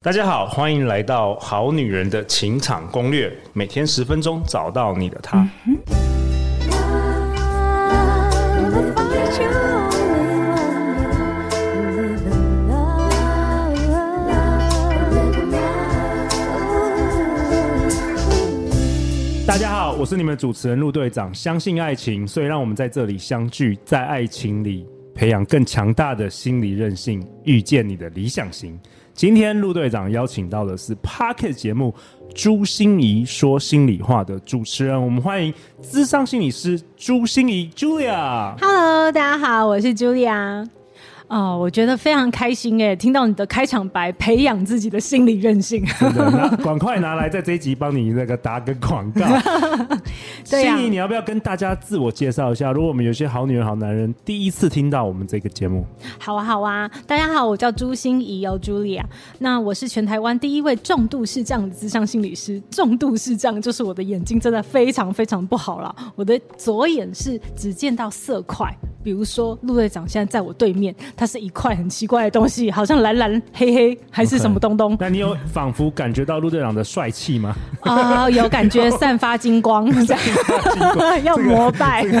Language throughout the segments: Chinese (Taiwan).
大家好，歡迎來到《好女人的情場攻略》，每天十分鐘，找到你的他。嗯哼。大家好，我是你們主持人路隊長。相信愛情，所以讓我們在這裡相聚，在愛情裡培養更強大的心理韌性，遇見你的理想型。今天路隊長邀請到的是《Podcast》節目《朱芯儀說心理話》的主持人，我們歡迎諮商心理師朱芯儀 （Julia）。Hello，大家好，我是 Julia。哦，oh, 我覺得非常開心誒，聽到你的開場白，培養自己的心理韌性。趕 快拿來，在這一集幫你那個打個廣告。芯儀、 啊，你要不要跟大家自我介紹一下？如果我們有些好女人、好男人第一次聽到我們這個節目，好啊，好啊，大家好，我叫朱芯儀、哦，有 Julia，那我是全台灣第一位重度視障的諮商心理師。重度視障就是我的眼睛真的非常非常不好了，我的左眼是只見到色塊。比如說，路隊長現在在我對面，他是一塊很奇怪的東西，好像藍藍黑黑還是什麼東東。Okay, 那你有仿佛感覺到路隊長的帥氣嗎？哦有感覺，散發金光，要膜拜、這個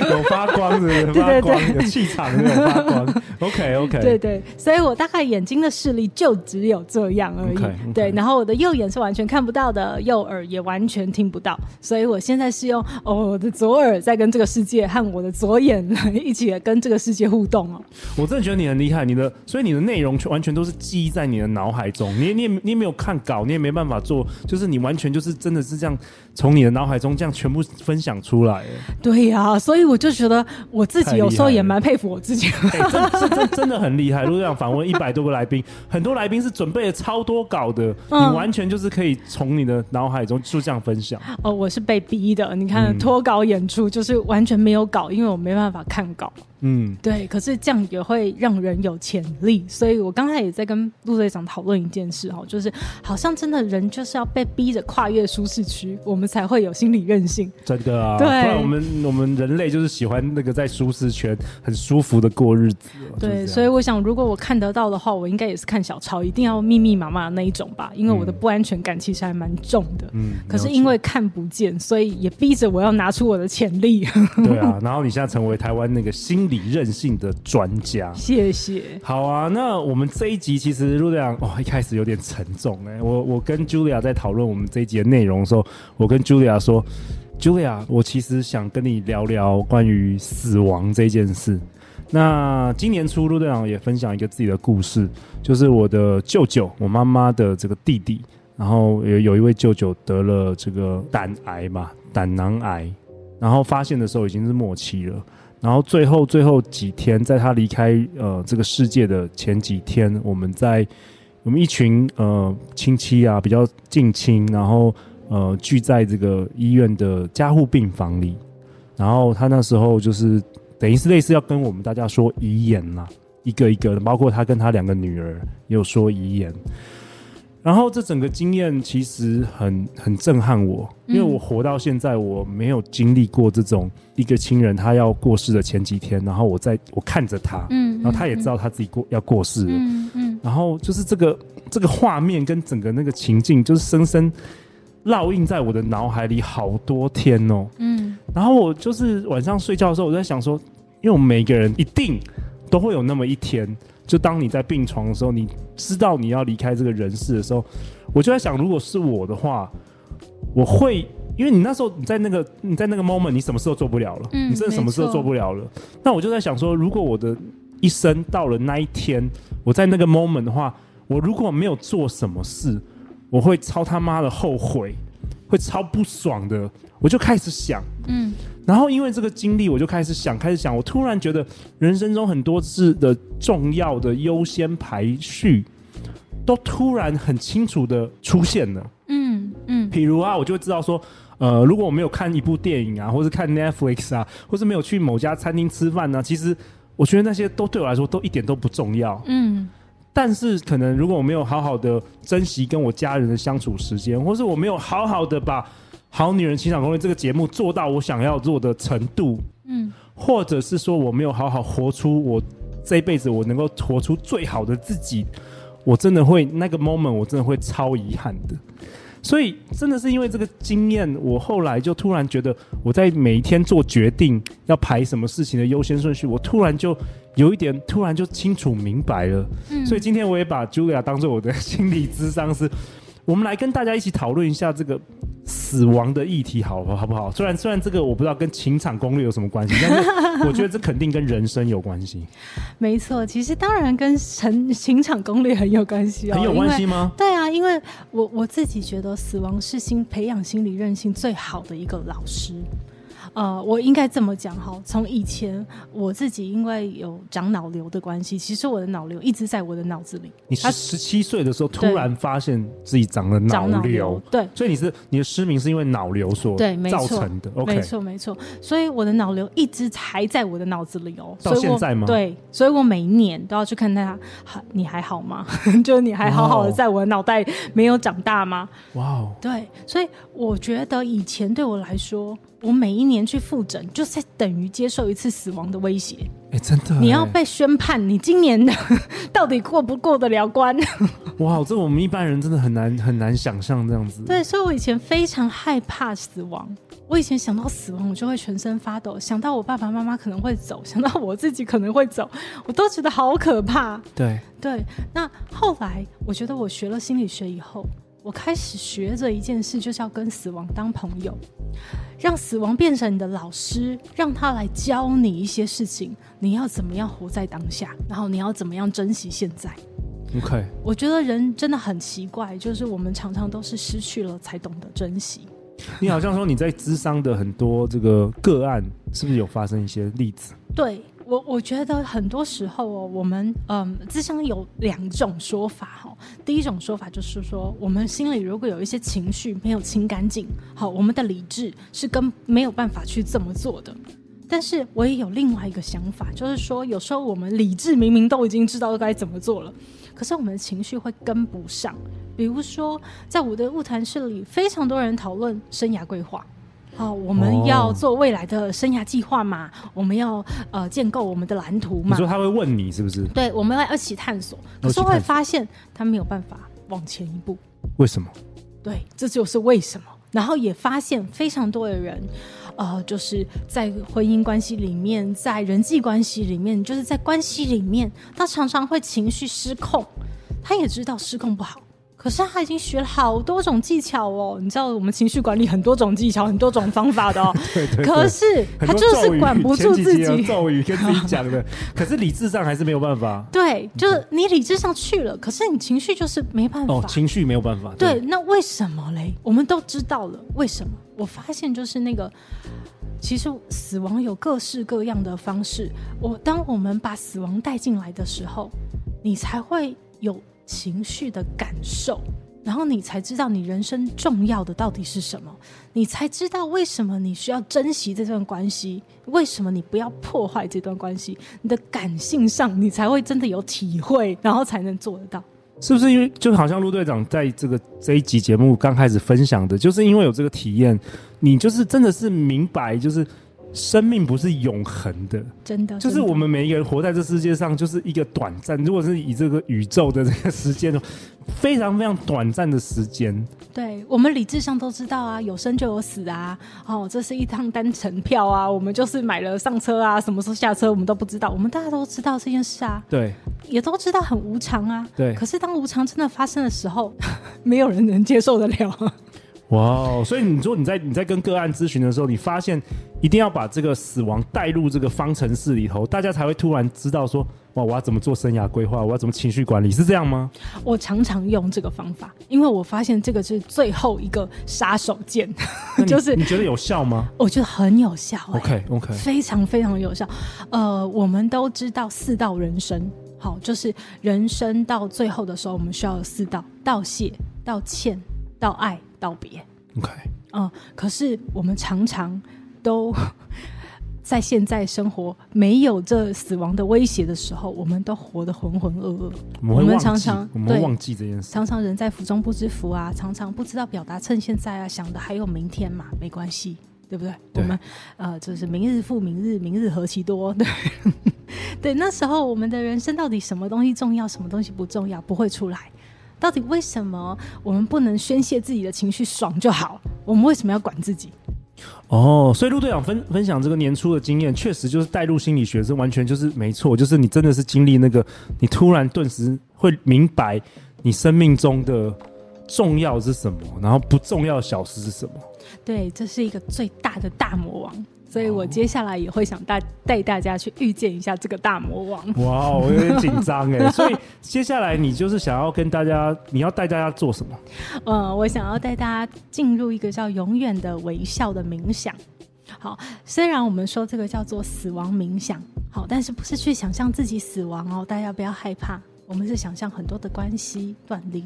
這個有發光是不是，有發光的，對對對，有氣場的發光。 OK OK，對,對對，所以我大概眼睛的視力就只有這樣而已。Okay, okay. 對，然後我的右眼是完全看不到的，右耳也完全聽不到，所以我現在是用、哦、我的左耳在跟這個世界和我的左眼。一起跟這個世界互動哦、喔！我真的覺得你很厲害，你的所以你的內容全完全都是記憶在你的腦海中，你也你也你也沒有看稿，你也沒辦法做，就是你完全就是真的是這樣從你的腦海中這樣全部分享出來。對呀、啊，所以我就覺得我自己有時候也蠻佩服我自己，欸、真的真的真的很厲害。如果這樣訪問一百多個來賓， 很多來賓是準備了超多稿的，嗯、你完全就是可以從你的腦海中就這樣分享。哦，我是被逼的，你看脫、嗯、稿演出就是完全沒有稿，因為我沒辦法看稿。嗯，對，可是這樣也會讓人有潛力，所以我剛才也在跟陸隊長討論一件事哦、喔，就是好像真的人就是要被逼着跨越舒適區，我們才會有心理韌性。真的啊，對，不然我們我們人類就是喜歡那個在舒適圈很舒服的過日子、喔。就是、對，所以我想如果我看得到的話，我應該也是看小抄，一定要密密麻麻那一種吧，因為我的不安全感其實還蠻重的。嗯，可是因為看不見，嗯、所以也逼着我要拿出我的潛力。對啊，然後你現在成為台灣那個新。你任性的專家，謝謝。好啊，那我們這一集其實路隊長哦，一開始有點沉重哎、欸。我我跟 Julia 在討論我們這一集的內容的時候，我跟 Julia 說，Julia，我其實想跟你聊聊關於死亡這件事。那今年初，路隊長也分享一個自己的故事，就是我的舅舅，我媽媽的這個弟弟，然後有有一位舅舅得了這個膽癌嘛，膽囊癌，然後發現的時候已經是末期了。然後最後最後幾天，在他離開呃這個世界的前幾天，我們在我們一群呃親戚啊，比較近親，然後呃聚在這個醫院的加護病房裡，然後他那時候就是等於是類似要跟我們大家說遺言啦，啊，一個一個的，包括他跟他兩個女兒也有說遺言。然後這整個經驗其實很很震撼我，因為我活到現在，我沒有經歷過這種一個親人他要過世的前幾天，然後我在我看着他，嗯嗯，然後他也知道他自己過，嗯，要過世了，嗯，嗯嗯，然後就是這個這個畫面跟整個那個情境，就是深深烙印在我的腦海裡好多天哦，嗯，然後我就是晚上睡覺的時候，我在想說，因為我們每個人一定都會有那麼一天。就當你在病床的時候，你知道你要離開這個人世的時候，我就在想，如果是我的話，我會，因為你那時候你在那個你在那個 moment，你什麼事都做不了了，嗯，你真的什麼事都做不了了。沒錯。那我就在想說，如果我的一生到了那一天，我在那個 moment 的話，我如果沒有做什麼事，我會超他媽的後悔，會超不爽的。我就開始想，嗯。然後因為這個經歷，我就開始想，開始想，我突然覺得人生中很多次的重要的優先排序，都突然很清楚地出現了。嗯嗯，嗯比如啊，我就會知道說，呃，如果我沒有看一部電影啊，或是看 Netflix 啊，或是沒有去某家餐廳吃飯呢、啊，其實我覺得那些都對我來說都一點都不重要。嗯，但是可能如果我沒有好好的珍惜跟我家人的相處時間，或是我沒有好好的把。好女人情場公寓這個節目做到我想要做的程度，嗯，或者是說我沒有好好活出我這輩子，我能夠活出最好的自己，我真的會那個 moment 我真的會超遺憾的。所以真的是因為這個經驗，我後來就突然覺得，我在每一天做決定要排什麼事情的優先順序，我突然就有一點，突然就清楚明白了。嗯，所以今天我也把 Julia 當作我的 心理諮商師，我們來跟大家一起討論一下這個。死亡的議題，好不好，好不好？雖然雖然這個我不知道跟情場攻略有什麼關係，但是我覺得這肯定跟人生有關係。 沒錯，其實當然跟情情場攻略很有關係啊、哦，很有關係嗎？對啊，因為我我自己覺得死亡是心培養心理韌性最好的一個老師。呃，我應該這麼講哈，從以前我自己因為有長腦瘤的關係，其實我的腦瘤一直在我的腦子裡。你是十七歲的時候突然發現自己長了腦瘤，腦瘤，對，所以你是你的失明是因為腦瘤所對造成的，OK？沒錯，OK，沒錯，沒錯，所以我的腦瘤一直還在我的腦子裡哦。到現在嗎？對，所以我每一年都要去看看他，你還好嗎？ 就你還好好的，在我的腦袋沒有長大嗎？哇哦，對，所以我覺得以前對我來說。我每一年去復診，就是等於接受一次死亡的威脅。哎、欸，真的欸，你要被宣判，你今年的到底過不過得了關？哇，這我們一般人真的很難很難想象這樣子。對，所以我以前非常害怕死亡。我以前想到死亡，我就會全身發抖；想到我爸爸媽媽可能會走，想到我自己可能會走，我都覺得好可怕。對對，那後來我覺得我學了心理學以後。我開始學着一件事，就是要跟死亡當朋友，讓死亡變成你的老師，讓他來教你一些事情。你要怎麼樣活在當下？然後你要怎麼樣珍惜現在？OK。我覺得人真的很奇怪，就是我們常常都是失去了才懂得珍惜。你好像說你在諮商的很多這個個案，是不是有發生一些例子？ 對。我我覺得很多時候哦，我們嗯，諮商有兩種說法哈、哦。第一種說法就是說，我們心裡如果有一些情緒沒有清乾淨，好，我們的理智是跟沒有辦法去這麼做的。但是我也有另外一個想法，就是說，有時候我們理智明明都已經知道該怎麼做了，可是我們的情緒會跟不上。比如說，在我的晤談室裡，非常多人討論生涯規劃。哦，我們要做未來的生涯計劃嘛？Oh. 我們要呃建構我們的藍圖嘛？你說他會問你是不是？對，我們來一起探索，探索可是會發現他沒有辦法往前一步，為什麼？對，這就是為什麼。然後也發現非常多的人，呃，就是在婚姻關係裡面，在人際關係裡面，就是在關係裡面，他常常會情緒失控，他也知道失控不好。可是他已經學了好多種技巧哦，你知道我們情緒管理很多種技巧，很多種方法的哦。 對對對，可是他就是管不住自己，幾幾幾咒語跟自己講的。 可是理智上還是沒有辦法。對，就是你理智上去了，可是你情緒就是沒辦法。哦，情緒沒有辦法。對，對，那為什麼嘞？我們都知道了為什麼。我發現就是那個，其實死亡有各式各樣的方式。我當我們把死亡帶進來的時候，你才會有。情緒的感受，然後你才知道你人生重要的到底是什麼，你才知道為什麼你需要珍惜這段關係，為什麼你不要破壞這段關係。你的感性上，你才會真的有體會，然後才能做得到。是不是因為就好像路隊長在這個這一集節目剛開始分享的，就是因為有這個體驗，你就是真的是明白，就是。生命不是永恆的，真的，就是我們每一個人活在這世界上，就是一個短暫。如果是以這個宇宙的這個時間，非常非常短暫的時間。對，我們理智上都知道啊，有生就有死啊，哦，這是一趟單程票啊，我們就是買了上車啊，什麼時候下車我們都不知道，我們大家都知道這件事啊，對，也都知道很無常啊，對。可是當無常真的發生的時候，沒有人能接受得了。哇，wow, 所以你說你在你在跟個案諮詢的時候，你發現一定要把這個死亡帶入這個方程式裡頭，大家才會突然知道說，哇，我要怎麼做生涯規劃，我要怎麼情緒管理，是這樣嗎？我常常用這個方法，因為我發現這個是最後一個殺手鐧，你 就是你覺得有效嗎？我覺得很有效欸，OK OK，非常非常有效。呃，我們都知道四道人生，好，就是人生到最後的時候，我們需要有四道：道謝、道歉、道愛。道別，OK，嗯、呃，可是我們常常都在現在生活沒有這死亡的威脅的時候，我們都活得渾渾噩噩。我們，我們常常我們忘記這件事，常常人在福中不知福啊，常常不知道表達趁現在啊，想的還有明天嘛，沒關係，對不對？對我們呃，就是明日復明日，明日何其多，對 對，那時候我們的人生到底什麼東西重要，什麼東西不重要，不會出來。到底為什麼我們不能宣洩自己的情緒，爽就好？我們為什麼要管自己？哦，所以路隊長分分享這個年初的經驗，確實就是帶入心理學，是完全就是沒錯，就是你真的是經歷那個，你突然頓時會明白你生命中的重要是什麼，然後不重要的小事是什麼。對，這是一個最大的大魔王。所以我接下來也會想帶帶大家去遇見一下這個大魔王。哇，我有點緊張哎！ 所以接下來你就是想要跟大家，你要帶大家做什麼？呃、嗯，我想要帶大家進入一個叫“永遠的微笑”的冥想。好，雖然我們說這個叫做死亡冥想，好，但是不是去想象自己死亡哦，大家不要害怕。我們是想象很多的關係斷裂。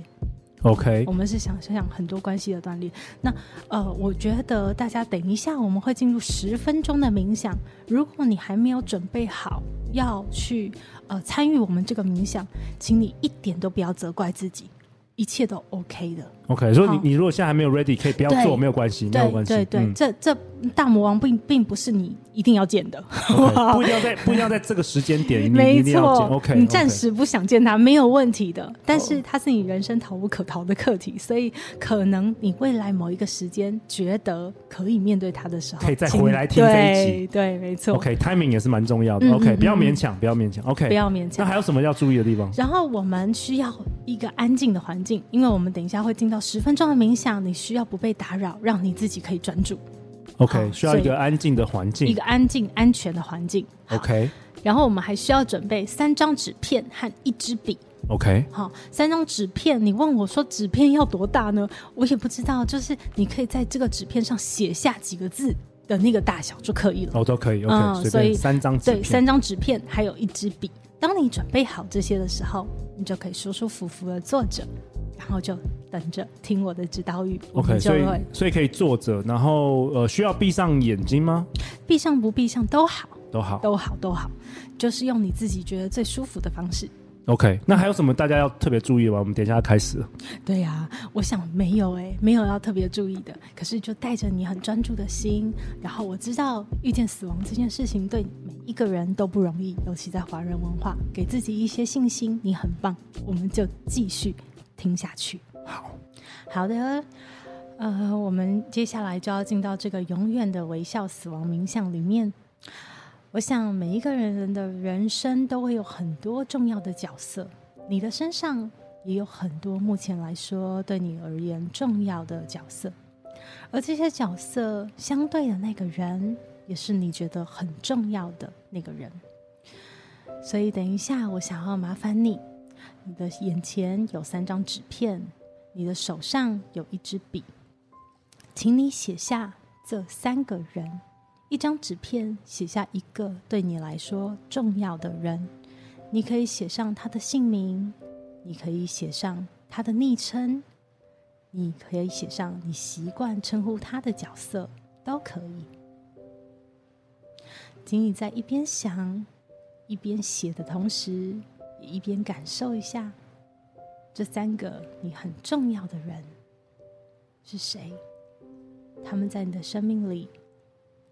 OK，我們是想想想很多關係的斷裂。那呃，我覺得大家等一下我們會進入十分鐘的冥想。如果你還沒有準備好要去呃參與我們這個冥想，請你一點都不要責怪自己。一切都 OK 的，OK。所以你你如果現在還沒有 ready，可以不要做，沒有關係，沒有關係。對對，這這大魔王並並不是你一定要見的，不一定要在不一定要在這個時間點，沒錯。OK，你暫時不想見他沒有問題的，但是他是你人生逃無可逃的課題，所以可能你未來某一個時間覺得可以面對他的時候，可以再回來聽這一集。對，沒錯。OK，timing 也是蠻重要的。OK，不要勉強，不要勉強。OK，不要勉強。那還有什麼要注意的地方？然後我們需要一個安靜的環。靜，因為我們等一下會進到十分鐘的冥想，你需要不被打擾，讓你自己可以專注。OK，需要一個安靜的環境，一個安靜、安全的環境。OK，然後我們還需要準備三張紙片和一支筆。OK，好，三張紙片，你問我說紙片要多大呢？我也不知道，就是你可以在這個紙片上寫下幾個字的那個大小就可以了。哦，都可以。OK，嗯，所以三張紙對，三張紙片，還有一支筆。當你準備好這些的時候，你就可以舒舒服服的坐着，然後就等着聽我的指導語。OK，就會 okay，所以，所以可以坐着，然後呃，需要閉上眼睛嗎？閉上不閉上都好，都好，都好，都好，都好，就是用你自己覺得最舒服的方式。OK，那還有什麼大家要特別注意嗎？我們等一下要開始。對呀、啊，我想沒有哎、欸，沒有要特別注意的。可是就帶着你很專注的心，然後我知道遇見死亡這件事情對每一個人都不容易，尤其在華人文化，給自己一些信心，你很棒。我們就繼續聽下去。好好的，呃，我們接下來就要進到這個永遠的微笑死亡冥想裡面。我想每一個人人的人生都會有很多重要的角色，你的身上也有很多目前來說對你而言重要的角色，而這些角色相對的那個人也是你覺得很重要的那個人。所以等一下，我想要麻煩你，你的眼前有三張紙片，你的手上有一支筆，請你寫下這三個人。一張紙片，寫下一個對你來說重要的人。你可以寫上他的姓名，你可以寫上他的昵稱，你可以寫上你習慣稱呼他的角色，都可以。請你在一邊想一邊寫的同時，也一邊感受一下這三個你很重要的人是誰，他們在你的生命裡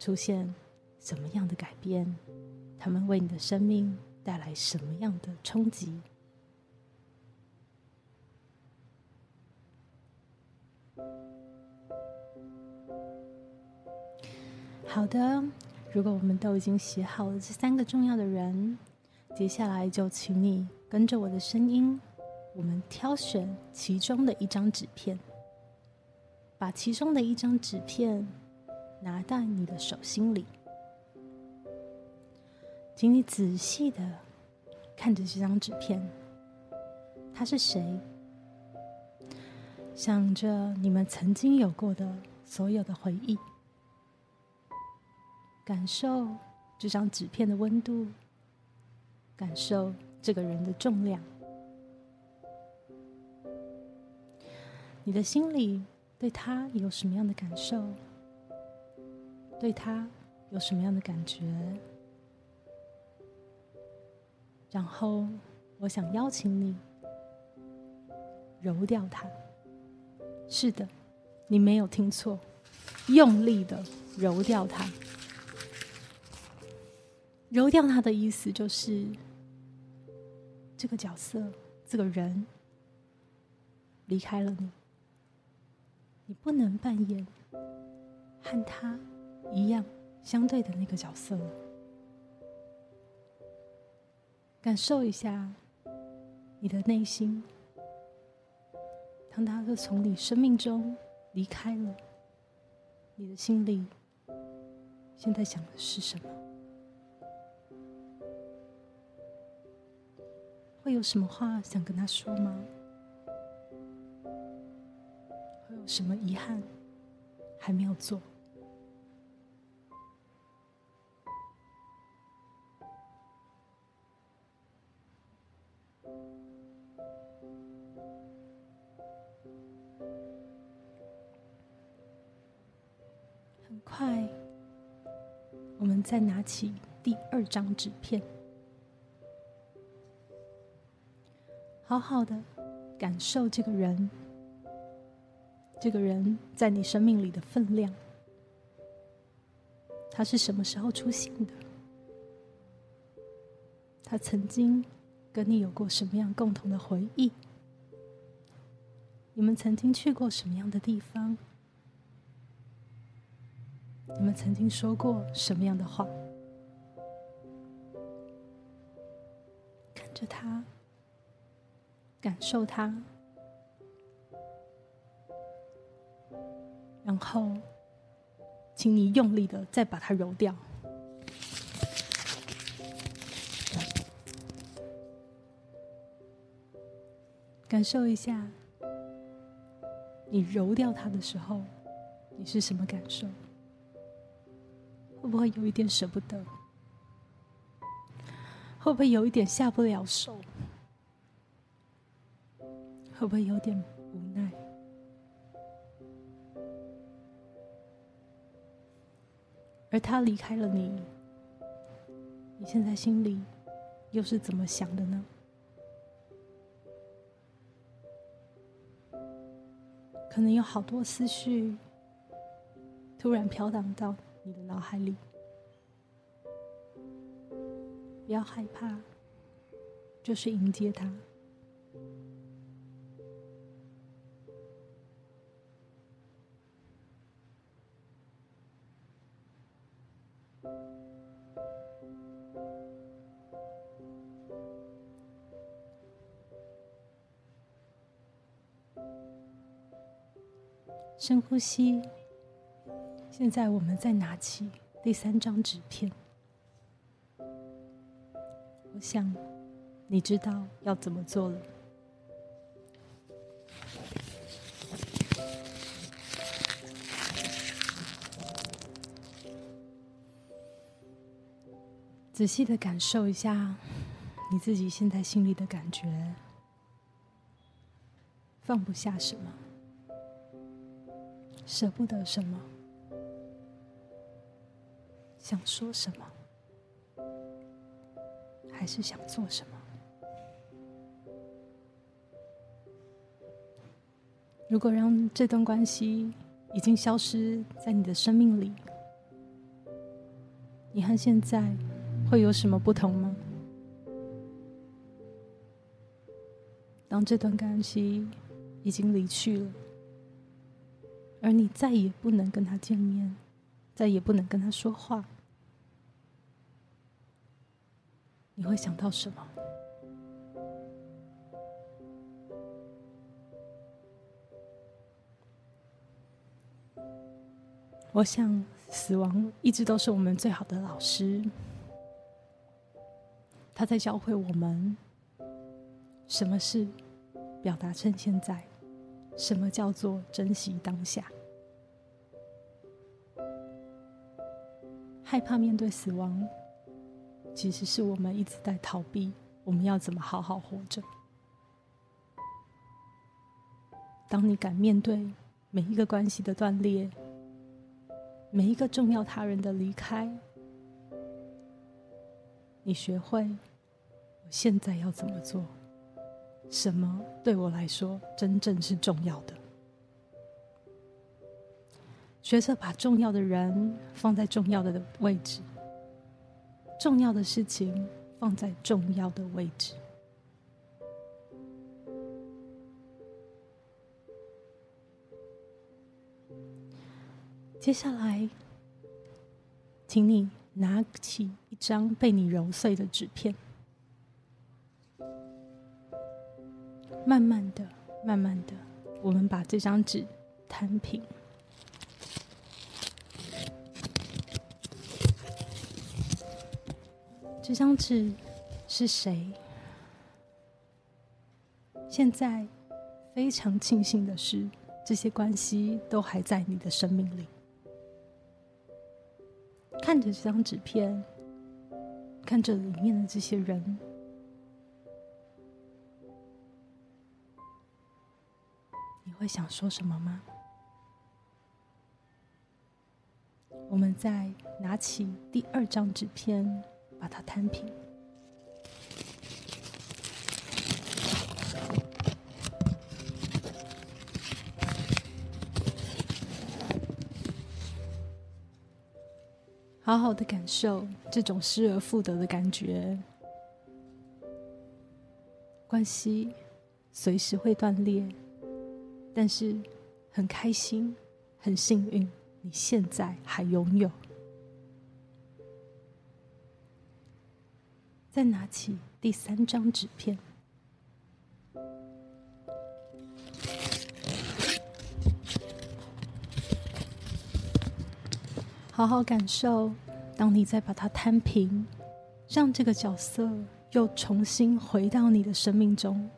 出現怎麼樣的改變？他們為你的生命帶來什麼樣的衝擊？好的，如果我們都已經寫好了這三個重要的人，接下來就請你跟着我的聲音，我們挑選其中的一張紙片，把其中的一張紙片。拿到你的手心裡，請你仔細的看着這張紙片，他是誰？想着你們曾經有過的所有的回憶，感受這張紙片的溫度，感受這個人的重量。你的心裡對他有什麼樣的感受？對他有什麼樣的感覺？然後，我想邀請你揉掉他。是的，你沒有聽錯，用力的揉掉他。揉掉他的意思就是，這個角色，這個人離開了你，你不能扮演和他一樣，相對的那個角色了。感受一下你的內心，當他從你生命中離開了，你的心裡現在想的是什麼？會有什麼話想跟他說嗎？會有什麼遺憾還沒有做？再拿起第二張紙片，好好的感受這個人，這個人在你生命裡的分量。他是什麼時候出現的？他曾經跟你有過什麼樣共同的回憶？你們曾經去過什麼樣的地方？你們曾經說過什麼樣的話？看着它，感受它，然後，請你用力的再把它揉掉。感受一下，你揉掉它的時候，你是什麼感受？會不會有一點舍不得？會不會有一點下不了手？會不會有點無奈？而他離開了你，你現在心裡又是怎麼想的呢？可能有好多思緒突然飄蕩到。你的腦海裡，不要害怕，就是迎接他。深呼吸。現在我們再拿起第三張紙片，我想你知道要怎麼做了。仔細的感受一下你自己現在心裡的感覺，放不下什麼，捨不得什麼。想說什麼，還是想做什麼？如果讓這段關係已經消失在你的生命裡，你和現在會有什麼不同嗎？當這段關係已經離去了，而你再也不能跟他見面，再也不能跟他說話。你會想到什麼？我想，死亡一直都是我們最好的老師，他在教會我們什麼是表達趁現在，什麼叫做珍惜當下，害怕面對死亡。其實是我們一直在逃避，我們要怎麼好好活着？當你敢面對每一個關係的斷裂，每一個重要他人的離開，你學會我現在要怎麼做？什麼對我來說真正是重要的？學着把重要的人放在重要的位置。重要的事情放在重要的位置。接下來，請你拿起一張被你揉碎的紙片，慢慢的、慢慢的，我們把這張紙攤平。這張紙是誰？現在非常慶幸的是，這些關係都還在你的生命裡。看着這張紙片，看着裡面的這些人，你會想說什麼嗎？我們再拿起第二張紙片。把它攤平，好好的感受這種失而復得的感覺。關係隨時會斷裂，但是很開心，很幸運，你現在還擁有。再拿起第三張紙片，好好感受。當你再把它攤平，讓這個角色又重新回到你的生命中，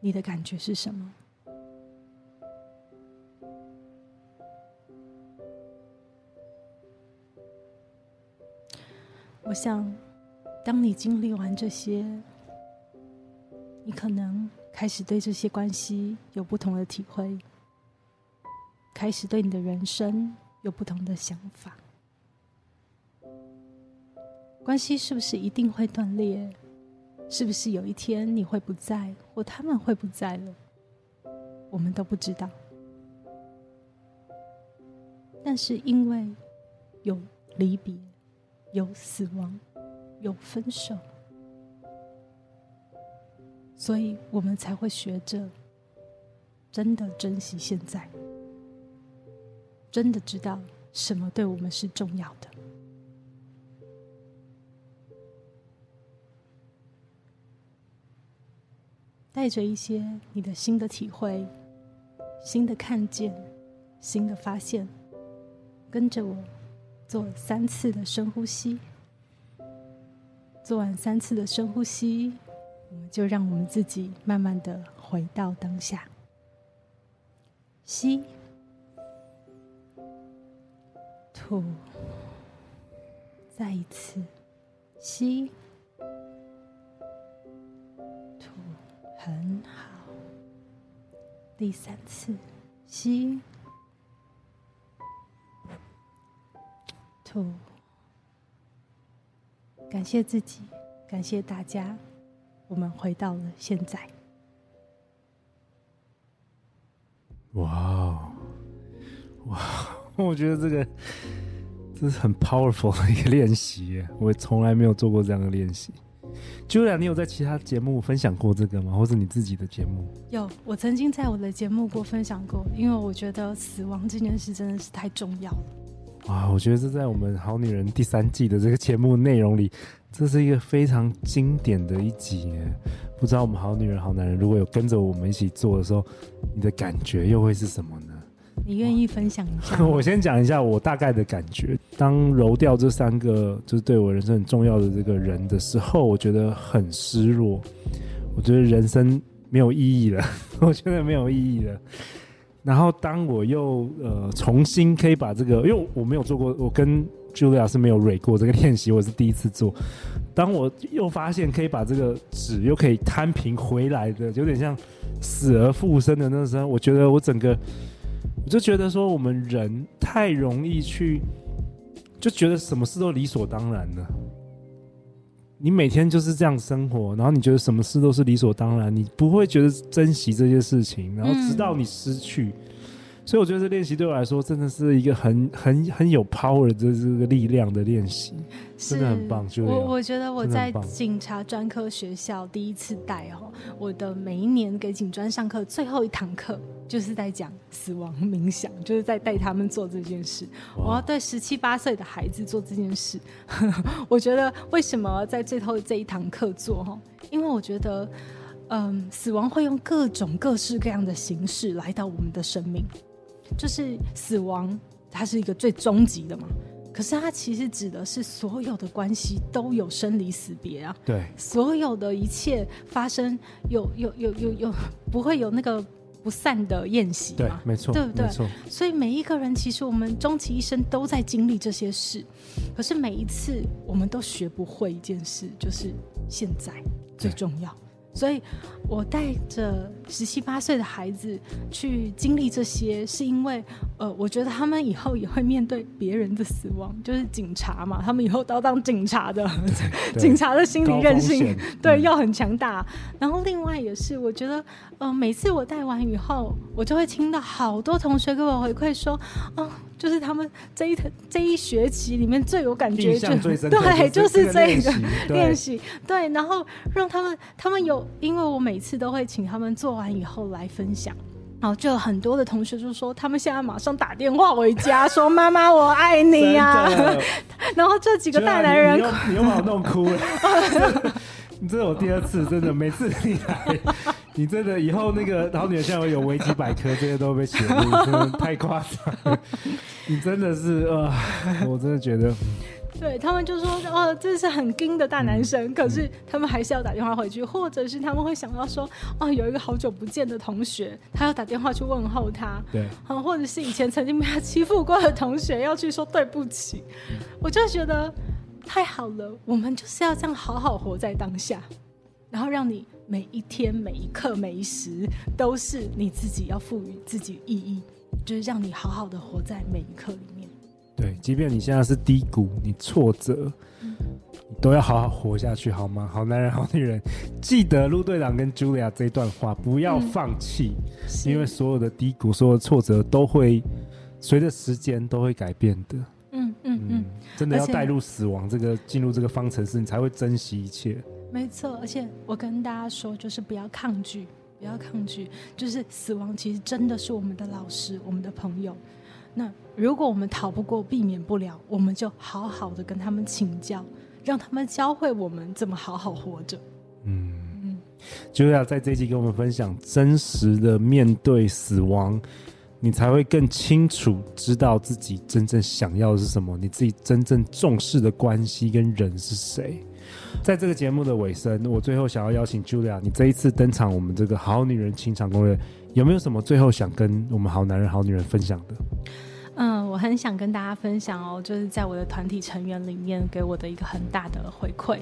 你的感覺是什麼？我想。當你經歷完這些，你可能開始對這些關係有不同的體會，開始對你的人生有不同的想法。關係是不是一定會斷裂？是不是有一天你會不在，或他們會不在了？我們都不知道。但是因為有離別，有死亡。有分手，所以我們才會學着真的珍惜現在，真的知道什麼對我們是重要的。帶着一些你的新的體會、新的看見、新的發現，跟着我做三次的深呼吸。做完三次的深呼吸，我們就讓我們自己慢慢的回到當下。吸，吐，再一次，吸，吐，很好。第三次，吸，吐。感謝自己，感謝大家，我們回到了現在。哇，哇！我覺得這個這是很 powerful 的一個練習耶，我也從來沒有做過這樣的練習。Julia，你有在其他節目分享過這個嗎？或是你自己的節目？有，我曾經在我的節目過分享過，因為我覺得死亡這件事真的是太重要了。哇，我覺得這在我們《好女人》第三季的這個節目內容裡，這是一個非常經典的一集。不知道我們好女人、好男人如果有跟着我們一起做的時候，你的感覺又會是什麼呢？你願意分享一下嗎？我先講一下我大概的感覺。當揉掉這三個就是對我人生很重要的這個人的時候，我覺得很失落。我覺得人生沒有意義了。我覺得沒有意義了。然後，當我又呃重新可以把這個，因為我沒有做過，我跟 Julia 是沒有瑞過這個練習，我是第一次做。當我又發現可以把這個紙又可以攤平回來的，有點像死而復生的那時候，我覺得我整個，我就覺得說我們人太容易去，就覺得什麼事都理所當然了。你每天就是這樣生活，然後你覺得什麼事都是理所當然，你不會覺得珍惜這些事情，然後直到你失去。所以我覺得這練習對我來說真的是一個很很很有 power 的這個力量的練習，是真的很棒。我我覺得我在警察專科學校第一次帶哦，我的每一年給警專上課最後一堂課就是在講死亡冥想，就是在帶他們做這件事。哇我要對十七八歲的孩子做這件事， 我覺得為什麼要在最後這一堂課做？哈，因為我覺得，嗯，死亡會用各種各式各樣的形式來到我們的生命。就是死亡，它是一個最終極的嘛。可是它其實指的是所有的關係都有生離死別啊。對。所有的一切發生有，有有有有有，不會有那個不散的宴席嘛。對，沒錯。對不對？沒錯。所以每一個人，其實我們終其一生都在經歷這些事。可是每一次，我們都學不會一件事，就是現在最重要。所以，我帶着十七八歲的孩子去經歷這些，是因為，呃，我覺得他們以後也會面對別人的死亡，就是警察嘛，他們以後都要當警察的，對 警察的心理韌性，對，對，要很強大。嗯、然後另外也是，我覺得，呃，每次我帶完以後，我就會聽到好多同學給我回饋說，哦。就是他們這一這一學期裡面最有感覺，就 對，就是這個練習，對，對，然後讓他們他們有，因為我每次都會請他們做完以後來分享，然後就很多的同學就說，他們現在馬上打電話回家說，媽媽我愛你呀、啊，的 然後這幾個大男人、啊、你又把我弄哭了，你這是我第二次，真的每次你來。 你真的以後那個老鳥像有維基百科 這些都被寫入，太誇張。你真的， 你真的是呃，我真的覺得。對他們就說哦，這是很硬的大男生，嗯、可是他們還是要打電話回去，或者是他們會想到說，哦，有一個好久不見的同學，他要打電話去問候他。對，啊、嗯，或者是以前曾經被他欺負過的同學要去說對不起。我就覺得太好了，我們就是要這樣好好活在當下，然後讓你。每一天、每一刻、每一時，都是你自己要賦予自己意義，就是讓你好好的活在每一刻裡面。對，即便你現在是低谷，你挫折，嗯、都要好好活下去，好嗎？好男人，好女人，記得路隊長跟 Julia 這段話，不要放棄，嗯、因為所有的低谷、所有的挫折，都會隨着時間都會改變的。嗯嗯嗯，真的要帶入死亡這個進入這個方程式，你才會珍惜一切。沒錯，而且我跟大家說，就是不要抗拒，不要抗拒，就是死亡其實真的是我們的老師，我們的朋友。那如果我們逃不過、避免不了，我們就好好的跟他們請教，讓他們教會我們怎麼好好活着。嗯，就要在這期跟我們分享真實的面對死亡，你才會更清楚知道自己真正想要的是什麼，你自己真正重視的關係跟人是誰。在這個節目的尾聲，我最後想要邀請 Julia，你這一次登場，我們這個好女人情場攻略有沒有什麼最後想跟我們好男人、好女人分享的？嗯，我很想跟大家分享哦，就是在我的團體成員裡面給我的一個很大的回饋。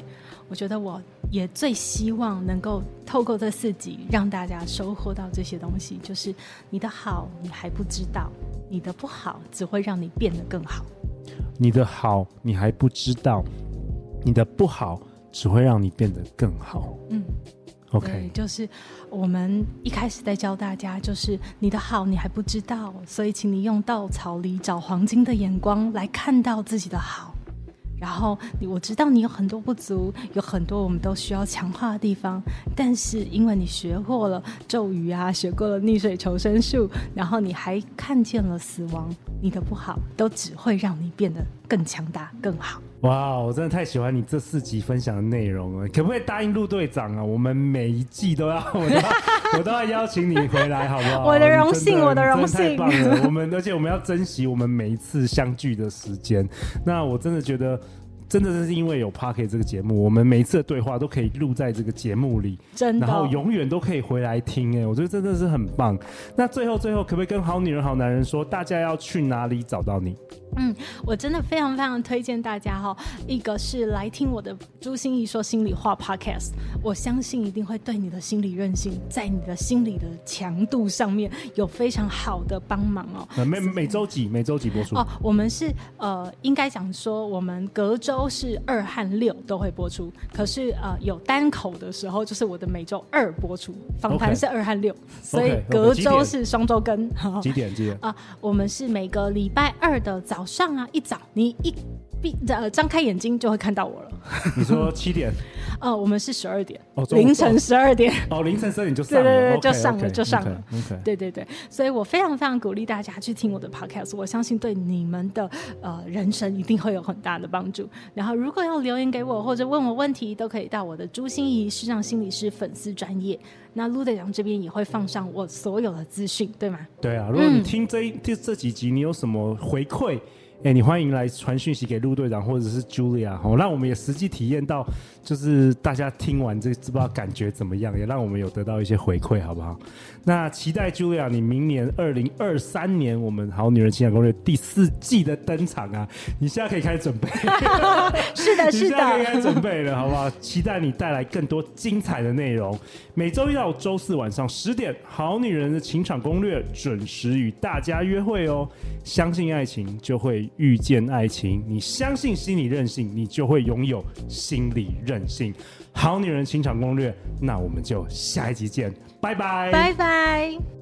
我覺得我也最希望能夠透過這四集讓大家收穫到這些東西，就是你的好你還不知道，你的不好只會讓你變得更好。你的好你還不知道。你的不好只會讓你變得更好。嗯，OK，就是我們一開始在教大家，就是你的好你還不知道，所以請你用稻草裡找黃金的眼光來看到自己的好。然後我知道你有很多不足，有很多我們都需要強化的地方，但是因為你學過了咒語啊，學過了溺水求生術，然後你還看見了死亡，你的不好都只會讓你變得更強大、更好。哇，wow，我真的太喜歡你這四集分享的內容了，可不可以答應路隊長啊？我們每一季都要，我都要, 我都要邀請你回來，好不好？ 我的榮幸，我的榮幸。我們，而且我們要珍惜我們每一次相聚的時間。 那我真的覺得，真的是因為有 Park 這個節目，我們每一次的對話都可以錄在這個節目裡，真的。然後永遠都可以回來聽、欸。哎，我覺得真的是很棒。那最後最後，可不可以跟好女人好男人說，大家要去哪裡找到你？嗯，我真的非常非常推薦大家哈、喔，一個是來聽我的《朱芯儀說心理話》Podcast，我相信一定會對你的心理韌性，在你的心理的強度上面有非常好的幫忙哦、喔。每每周幾？所以每周幾播出？哦、喔，我們是呃，應該講說我們隔週是二和六都會播出，可是呃有單口的時候，就是我的每周二播出，訪談是二和六，Okay. 所以隔週是雙周更。幾點？幾點啊、喔？我們是每個禮拜二的早。早上啊，一早你一。閉呃，張開眼睛就會看到我了。你說七點？哦、 呃，我們是十二點，哦、凌晨十二點。哦，凌晨十二點就上，就上了就上了。對對對，所以我非常非常鼓勵大家去聽我的 Podcast、嗯、我相信對你們的呃人生一定會有很大的幫助。然後如果要留言給我或者問我問題，都可以到我的朱芯儀視障心理師粉絲專頁。那路隊長這邊也會放上我所有的資訊，對嗎？對啊，如果你聽這、嗯、這，這幾集，你有什麼回饋？哎、欸，你歡迎來傳訊息給路隊長或者是 Julia 好、哦，讓我們也實際體驗到，就是大家聽完這不知道感覺怎麼樣，也讓我們有得到一些回饋，好不好？那期待 Julia，你明年二零二三年我們《好女人情場攻略》第四季的登場啊！你現在可以開始準備， 是的，是的，可以開始準備了，好不好？期待你帶來更多精彩的內容。每周一到周四晚上十點，《好女人的情場攻略》準時與大家約會哦！相信愛情就會。遇見愛情，你相信心理韌性，你就會擁有心理韌性。好女人情場攻略，那我們就下一集見，拜拜，拜拜。